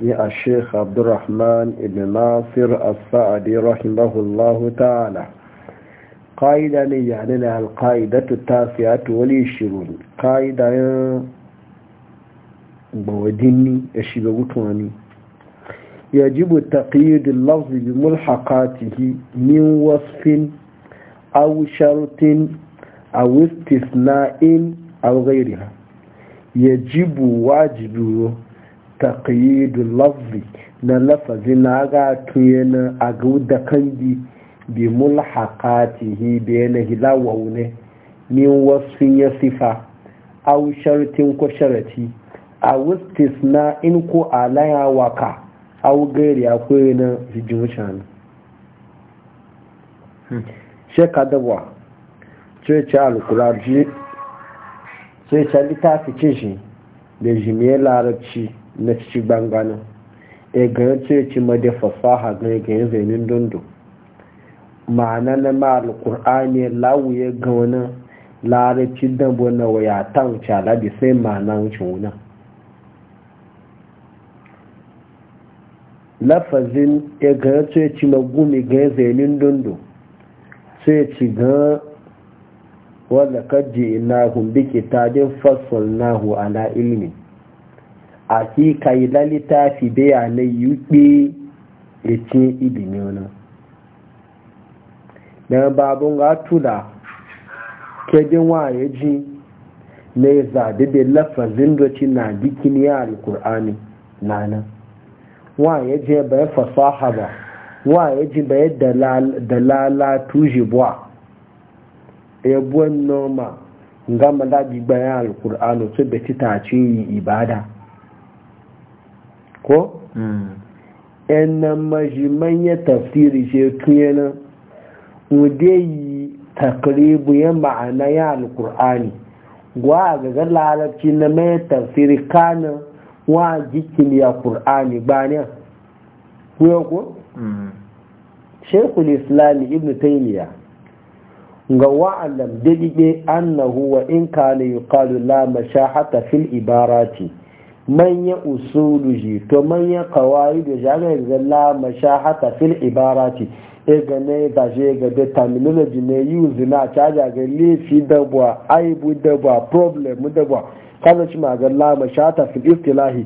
ni a sheikh abdurrahman ibn nasir al-sa'adi rahimahullahu ta'ala ƙa'ida ne yani na al-ƙa'ida ta tafiya ta wani shirin ƙa'ida ya gbawadini ya shiga gutuwani ya jibu taƙiyudin lafzibin mulhakatihi min wasfin a wistis na'in awugairiha ya jibu wajibiro taqyidul lafzi na lafazi na ga tuyena a gauda kanji bi mulhaqatihi bi yana hilawa ne min wasu ya sifa aw shartin ko sharati a na in ko alaya waka aw gairi akwai na jijin wucin sheka dawa cece alkuraji sai ta littafi cin shi da jimiyar larabci na ci gbangana e ganin ce ci da fasaha ga e ganin zainin dundu ma'ana na ma'al ƙur'ani lawuye ga wani larabci dambo na waya ta wuce alabi sai ma'ana wuce wuna lafazin e ganin ce ci magumi ganin zainin dundu sai ci gan wadda kajji ina hun bi kitabin fasol nahu ala ilmin hakika ila littafi bayanai yuɓe ya ce ilimi wani daga babun tula kejin waye ji na ya zaɗi da lafazin doci na dikin ya alkur'ani na nan waye ji bai fasaha ba waye ji bai dalala tuji buwa ebuwan noma gama daji bayan alkur'ani su beti ta ce yi ibada ko yanan mm. majiman ya tafsiri ce tuyana wude yi takribu ya ma'ana ya alkur'ani gwa ga larabci na mai tafsiri kanan wa jikin ya kur'ani ba ne kuwa ko? Mm. shekul islami ibn taimiyya ga wa'alam daɗiɗe annahu wa in kana yuqalu la mashahata fil ibarati Manya usulu ji to manya kawai da da zalla mashahata fil ibarati e ga ne ba je ga da terminology ne use na caja ga lefi dabwa aibu dabwa problem dabwa kaza ci ma ga mashahata fil istilahi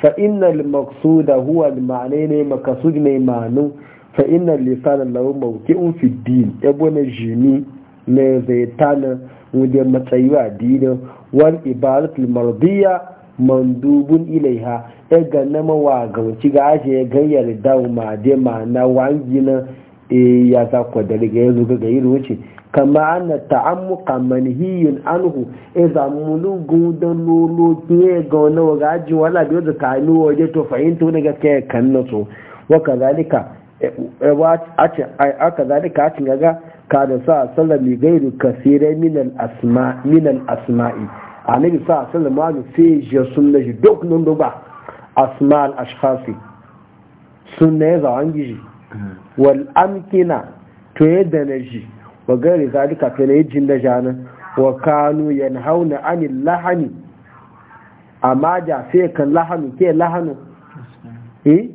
fa inna al maqsuda huwa al ma'na ne makasud ne ma'nu fa inna da lisan lahu mawqi'un fi din e bona jini ne zai tana wude matsayi wa dinin wal ibadatul mardiya mandubun ilaiha e ya ganna mawa ga wuci ga ashe ya ganyar dawo ma de ma na wangi na e ya za ku da riga ya zuga ga irin wuce kama ana ta'ammuka manhiyun anhu idza e mulugu da lolo ne ga wani ga ajiye wala biyo da kanu waje to fahimta wani ga kan kanna so wa kazalika e, aka zalika a cin gaga ka da sa sallami gairu kasirai minal asma'i annabi sa sallam ma fi je sunna ji duk nan do ba asmal ashkhasi sunna ya zawon gizi hmm. wal amkina to ya dana ji wa gari zalika to ya jin da jana wa kanu yanhauna anil lahani amma ja sai kan lahani ke lahanu eh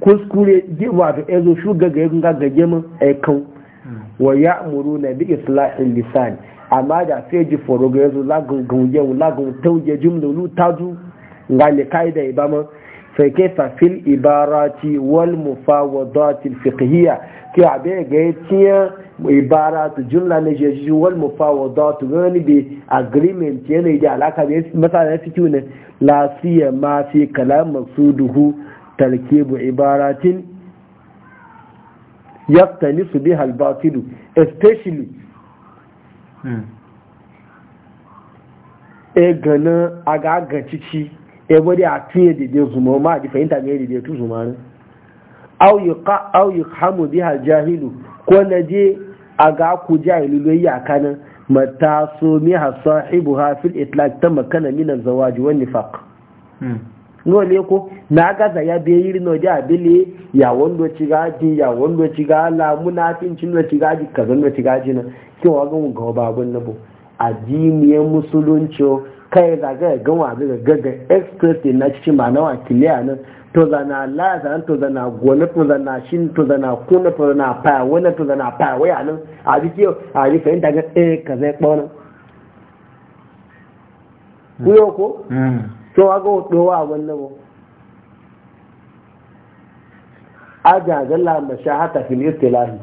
kuskure wato ezo shugaga ya gaggage mun aikan hmm. wa na bi islahin lisani amma da sai ji foro ga yanzu lagungun yau lagun tauje jimlulu taju ga ne kaida ibama ke fil ibarati wal mufawadati fiqhiyya ki abe ga tiya ibaratu jumla ne je ji wal mufawadatu gani bi agreement yana da alaka da masala fiki ne la siya ma fi kalam maqsuduhu tarkibu ibaratin yaftanisu biha al-batil especially Hmm. e ganin a ga gacici e bari a yi e dide zuma ma a ji fahimta ga dide tu zuma ne au yi hamu biya jahilu ko na je a ga ku jahilu lo yi akanin mataso miha sahibu ha fil itlaq ta makana minan zawaji wani nifaq hmm. no ne ko na gaza ya be yiri no ja bile ya wando cigaji ya wando cigala munafincin no cigaji kaza no cigaji na ki wa ga ba babun na bo addini ya musulunci kai ga ga ga wa ga ga ga express na cikin ma wa kiliya na to zana la zan to zana gona to zana shin to zana kuna to zana fa wala to zana fa waya nan a jiki a jiki fahimta ga e kaza ya na eh, ko ko hmm. to wa ga dowa wannan mu aja zalla shahata fil istilahi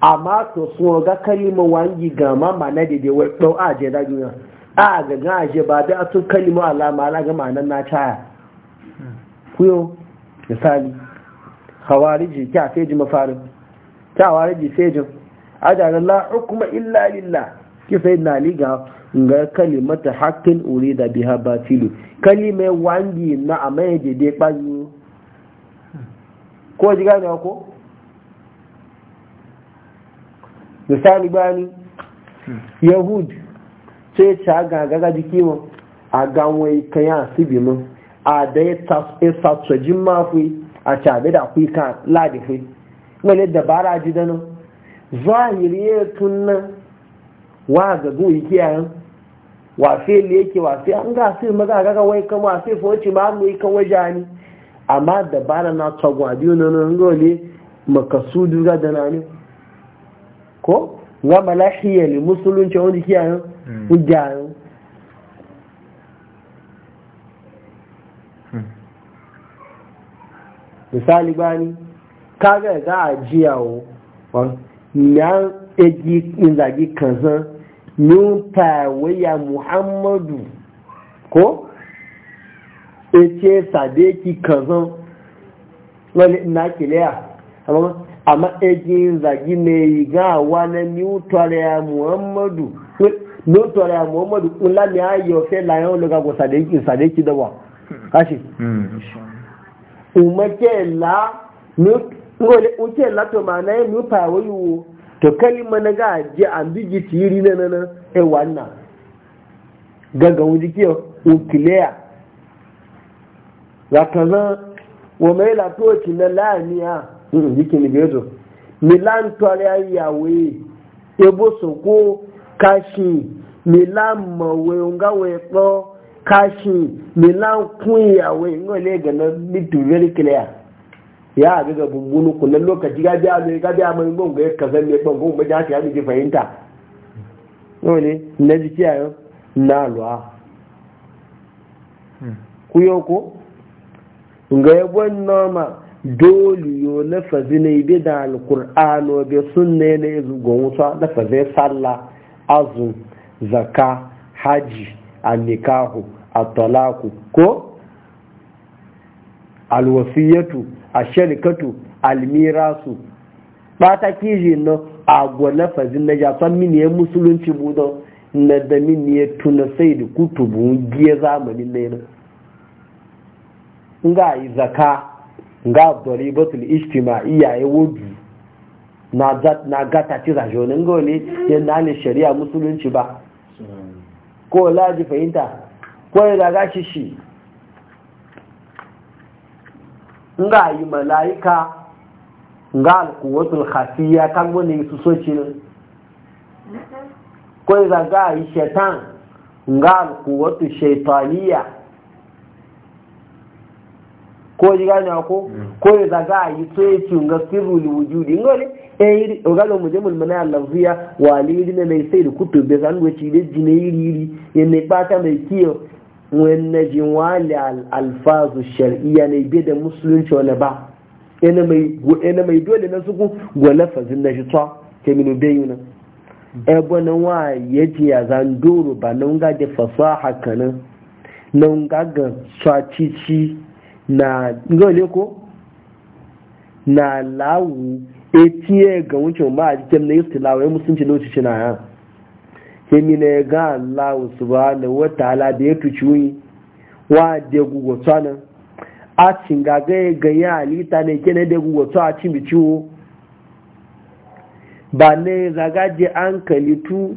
amma to so ga kalima wangi ga ma mana da da wai dau je da duniya a ga ga aje ba da atu kalima ma ala ga manan na ta kuyo misali khawariji kya ji mafarin kya wariji ji aja zalla hukuma illa lillah ki sai na liga nga kalimata haqqin urida biha batilu kalime wangi na amaye je de banyu ko ji gane ko misali bani yahud ce ta gaga ga jiki mu a ganwai kayan sibi mu a da ya tasojin mafi a cabe da kuka ladifi wani dabara ji danin zahiri tunan wa ga go yake yan wa fe le yake wa fe an ga sai maga ga wai kan wa fe fo ci ma mu kan wajani amma da bana na tsagwa biyu nan ngole makasudu ga danani ko wa malahiya li musulunci wani kiyayen hujjayen hmm. hmm. misali bani kaga da ajiyawo yan eji inzagi kanzan min tawaya muhammadu ko ece sadeki kazan wani na kiliya amma ejin zagi mai gawa na newtonian muhammadu newtonian muhammadu kula ni a yi fẹ́ láyán ológagbo sadeki dọwà káṣí umarke la ní ó kẹ́ látọ̀ ma náà ní pàwọ́ yíwo to kalima na ga je an bigi tiri na na e wannan gaga wuji kiyo ukilea zakaza wa mai la to na la ni mm, a jiki ni bezo milan to ari yawe ebo soko kashi milan mawe ngawe to kashi milan kun yawe ngole ga na be very clear ya a ga bumbunu kullum lokaci gaji a mai gaji a mai gonga ya kazan ne gonga ba da ta yi fahimta no ne na ji hmm. yau na luwa ku ko nga ya wannan noma dole yo fazi ne bi da alqur'ano bi sunne ne zugon na fazi sallah azu zaka haji nikahu a talaku ko alwasiyatu asharikatu almirasu ta kiji na agwa lafazin na jason mini ya musulunci budon na da mini ya tuna sai da kutubu giya zamanin na yana nga yi zaka nga doribatul ijtima'iyya ya wudu na gata ci rajonin wani yadda ne shari'a musulunci ba ko laji fahimta ko ya daga shi shi ngayi mala'ika nga alkuwatul khafiya kan wani su ne ko za ga yi shaitan nga alkuwatul shaytaniya ko ji gane ko ko za ga yi soci nga sirrul wujudi ngole o ogalo mu jemul mana lafziya walidi ne mai sai da zan wuce da jine iri yiri yanne ba mai kiyo wannan ji wali alfazu shar'iyya ne bai da musulunci wani ba yana mai dole na suku gwale fazin na shi tsawa ke minu bai yi nan ebe na wa ya ji ya zan doro ba na nga da fasaha kanan na nga ga tsacici na ngole ko na lawu etiye ga wucin ba a jikin na yi stilawa ya musulunci lokaci na yana ya ga Allah subhanahu wa ta'ala da ya tuci wa de gugo tsana a cinga ga ga ya alita ne kene de gugo a cin biciwo ba ne zagaje an kalitu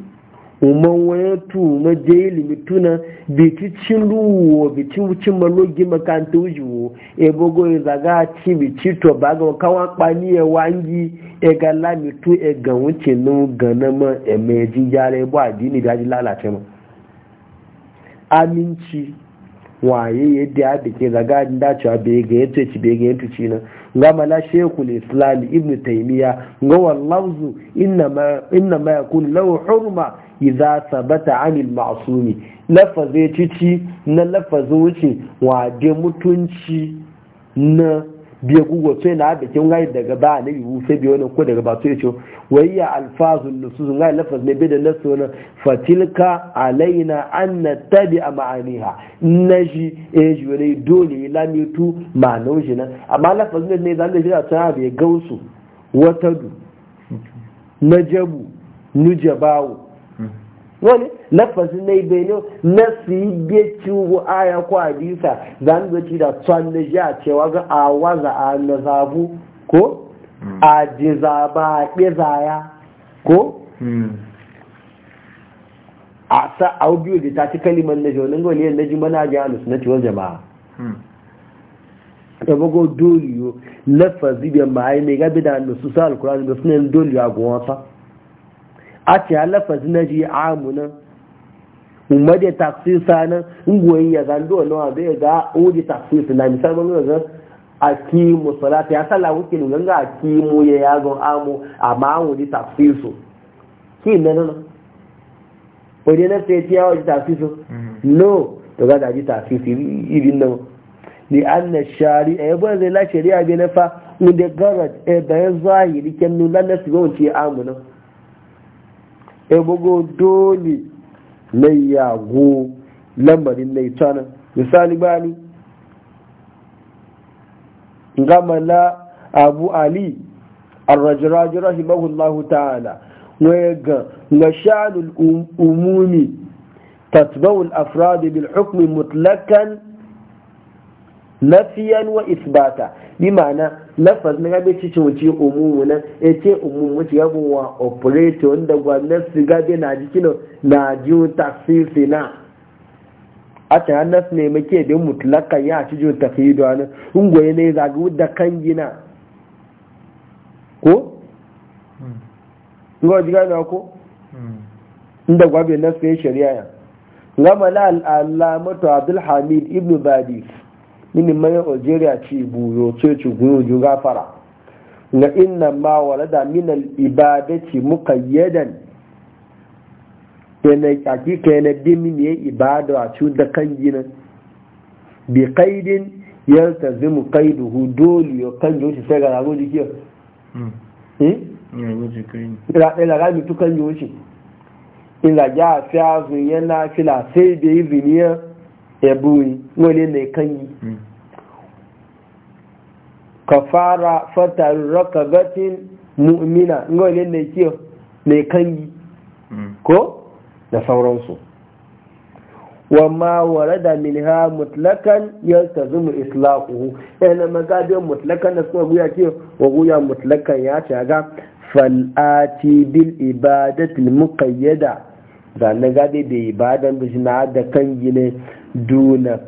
umman wani tu ma jeli mituna biti cin luwo biti wucin malogi makanta wujiwo e bogo e zaga ci biti to ba ga kawa kpani e wangi e ga la mitu e ga wuce nu gana ma e me jinjare adini da lalace ma aminci waye yadda ya dake zaga da cewa bai ga yato ci bai ga yato ci na ga mala shekul islam ibn taymiya ga wallawzu inna ma yakun lahu hurma idza sabata anil ma'sumi lafazi cici na lafazin wuce wa de mutunci na biya gugu sai na kin gai daga ba na yiwu sai biyo ko daga ba sai ce wayya alfazun nusuz gai lafaz ne bi da nasu na fatilka alaina an natabi ma'aniha naji e ji wani dole lamitu ma'anar shi nan amma lafaz ne ne zan da shi da tsaya bai gausu du najabu nujabawu wani lafazin na ibe na su yi beci ciwo aya ko hadisa za mu zaci da tsan na ji a cewa ga a waza a na zabu ko hmm. a ji zaba a ɓezaya ko hmm. a sa audio da ta ci kalimar na jaunin ga yadda na ji mana ji alus na ciwon jama'a hmm. da bago doliyo lafazi bai ma'ai mai gabi da alusu sa alkurani da suna yin doliyo a gowansa a ce lafazin na ji amuna umar da taksisa nan ungoyin ya zando wa zai ga oji taksisa na misal ba nuna zan akimu salata ya sala wuke nuna ga mu ya yagon amu amma an wuji taksisu ki na nan wani na sai tiya waje su? no to ga da ji taksisu irin nan li anna shari'a e e ya bar zai la shari'a bai nafa inda garat e bayan zahiri kennu lalas ga wuce amuna ebogo dole na yago lambarin na itana misali bani gamala abu ali arrajiraji rahimahullahu ta'ala ga ga shanul umumi tatbau al bil hukmi mutlakan nafiyan wa isbata bi ma'ana lafaz na gabe cikin wuce umumu nan ya e ce umumu ci gabin wa operator wanda gwamnati gabe na jikin na jiyo taksisi na a ta hannas ne muke bin mutlaka ya ci jiyo tafido na ungoye ne zaga da kan gina ko? ngawa jiga na ko? Hmm. inda hmm. gwabe nasu ya shari'a ya gama al'amatu al'alamatu abdulhamid ibn badis mini mai algeria ci buyo ce ci gunju gafara na inna ma walada min al ibadati muqayyadan yana hakika yana bin mini ya ibada a cikin da kan gina bi qaidin yaltazimu qaiduhu dole hmm. hmm? ya kan jo shi sai ga rago jiki eh ila ila ga mi tukan jo shi ila ja fi azu yana fila sai da iziniya ebui wani ne kanyi fara fatar gatin mu'mina wani mai kiyo mai kanyi ko da sauransu wamma da milha mutlakan ya yaltazimu islaquhu yana magabin mutlakan da suka guya ce, wa guya mutlakan ya ce ga fal'ati bil ibadatil muqayyada zanne gadi da ibadan da shi na da kan gine duna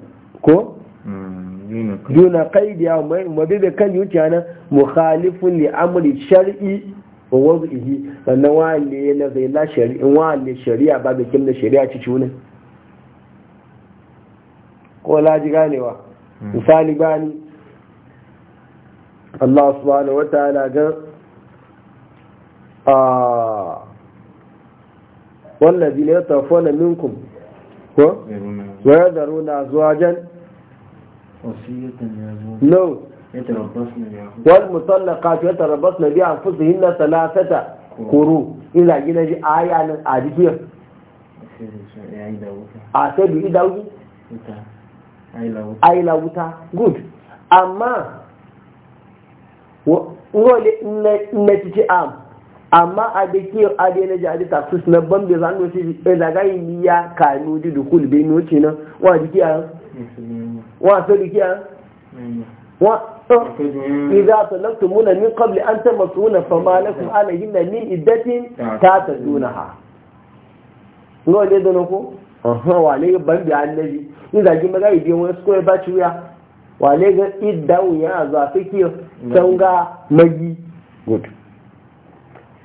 ko mm, duna qaidi ya mabe da kan wuce ana mukhalifun li amri shar'i wa ihi sannan wale na zai la shari'i wale shari'a ba da da shari'a ci cune ko laji ganewa mm. misali bani Allah subhanahu wa ta'ala ga a tafi wani minkum ko wayar da runa zuwa jan no wal kafin ya tarabas na biya fusu hinna talatata kuru ina gina ji a nan a jikiyar a sai biyu idawu a yi wuta good amma wole na cici am amma a da ke a da yana jadi ta su na ban da zanu wasu e eh, da ga yi ya kanu di da kul bai ci na wa di a wa so di a wa eh, idza talaqtumuna min qabl an tamassuna fama lakum alayhinna min iddatin tatadunaha ngo le dono ko aha wa le ban da annabi in zagi maga yi wani square ba wuya? wa le ga iddawu ya za fikiyo tanga magi good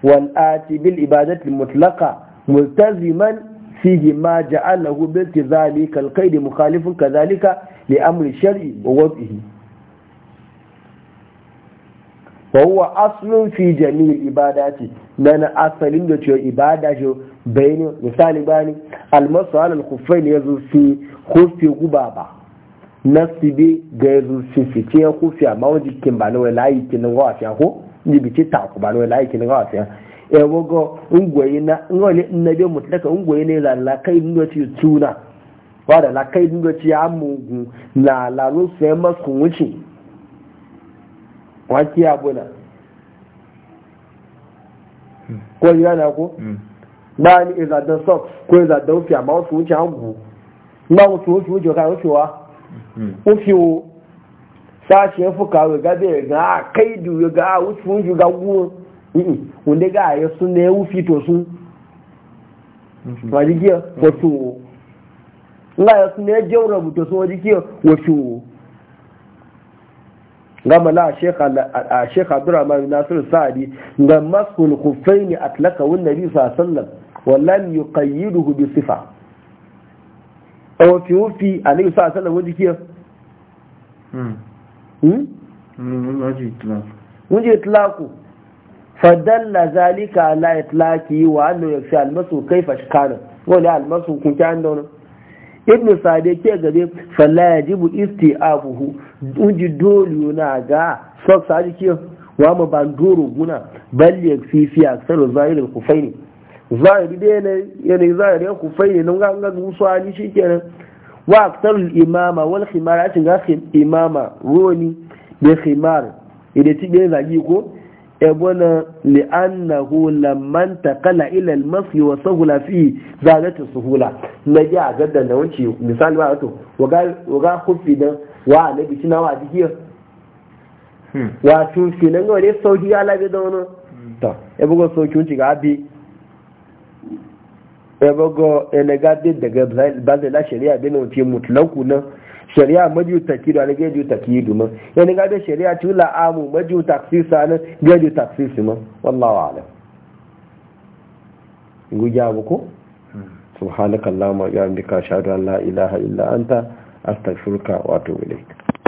والآتي بالإبادة المطلقة ملتزما فيه ما جعله بالتزام القيد مخالف كذلك لأمر الشرع ووضعه وهو أصل في جميع الإبادات لأن أصل في إبادة بين مثال باني المصر الخفين يزل في خف غبابة نصبي غير في فتية خفية ما وجد كمبانوي لا يتنغوا فيها jibiti takuba ne wala aikin ga wasu ya wago ungwayi na ngole nabi mutlaka ungwayi ne la la kai ndo ci tuna wada la kai ndo ci amugu na la lo se ma kunwuci wati abuna ko yana ko ba ni iza da sok ko iza da ofi amma wasu wuce an gu ma wasu wuce wuce ka wucewa ofi wo sashen fuka ga gabe ga kai duwe ga wucin ju ga guwa wanda ga ya sun na ya wufi to sun wajikiyar giya wato nga ya sun na ya jaura to sun wajikiyar giya wato gama na a shek abdurrahman nasir sa'adi ga masul kufaini atlaka wun nabi sallam wallan yuqayyiduhu bi sifa a wafi wufi alayhi sallam wajen giya Hmm? mun ji itlaku fadalla zalika ala itlaki wa annu yakshi almasu kaifa shikana wani almasu kun kyan da wani ibn sade ke gabe falla yajibu isti'abuhu unji dole na ga soksa jiki wa ma ban banduru guna bal yakfi fi aksar zahir al-kufaini zahiri dai ne yana zahiri kufaini nan ga ga musu shi kenan. wa aksar al-imama wal khimara shi ga imama roni bi khimar ida ti be zagi ko e bona ebona li'annahu lamman taqala ila al-masyi wa sahula fi zalat al suhula na a gadda da na wuce misali ba to waga waga kufi da wa shi na wa dikiya hmm. wa tun shi nan gore sauki ya labe da wani hmm. to e bugo sauki wuce ga bi e bugo ene ga daga bazai la shari'a bin wuce mutlaku nan shari'a maju takidu ana gaju takidu ma yani ga da shari'a tu la amu maju taksisa na gaju taksisi ma wallahu alam guja buku hmm. subhanakallahumma ya bihamdika ashhadu an la ilaha illa anta astaghfiruka wa atubu ilayk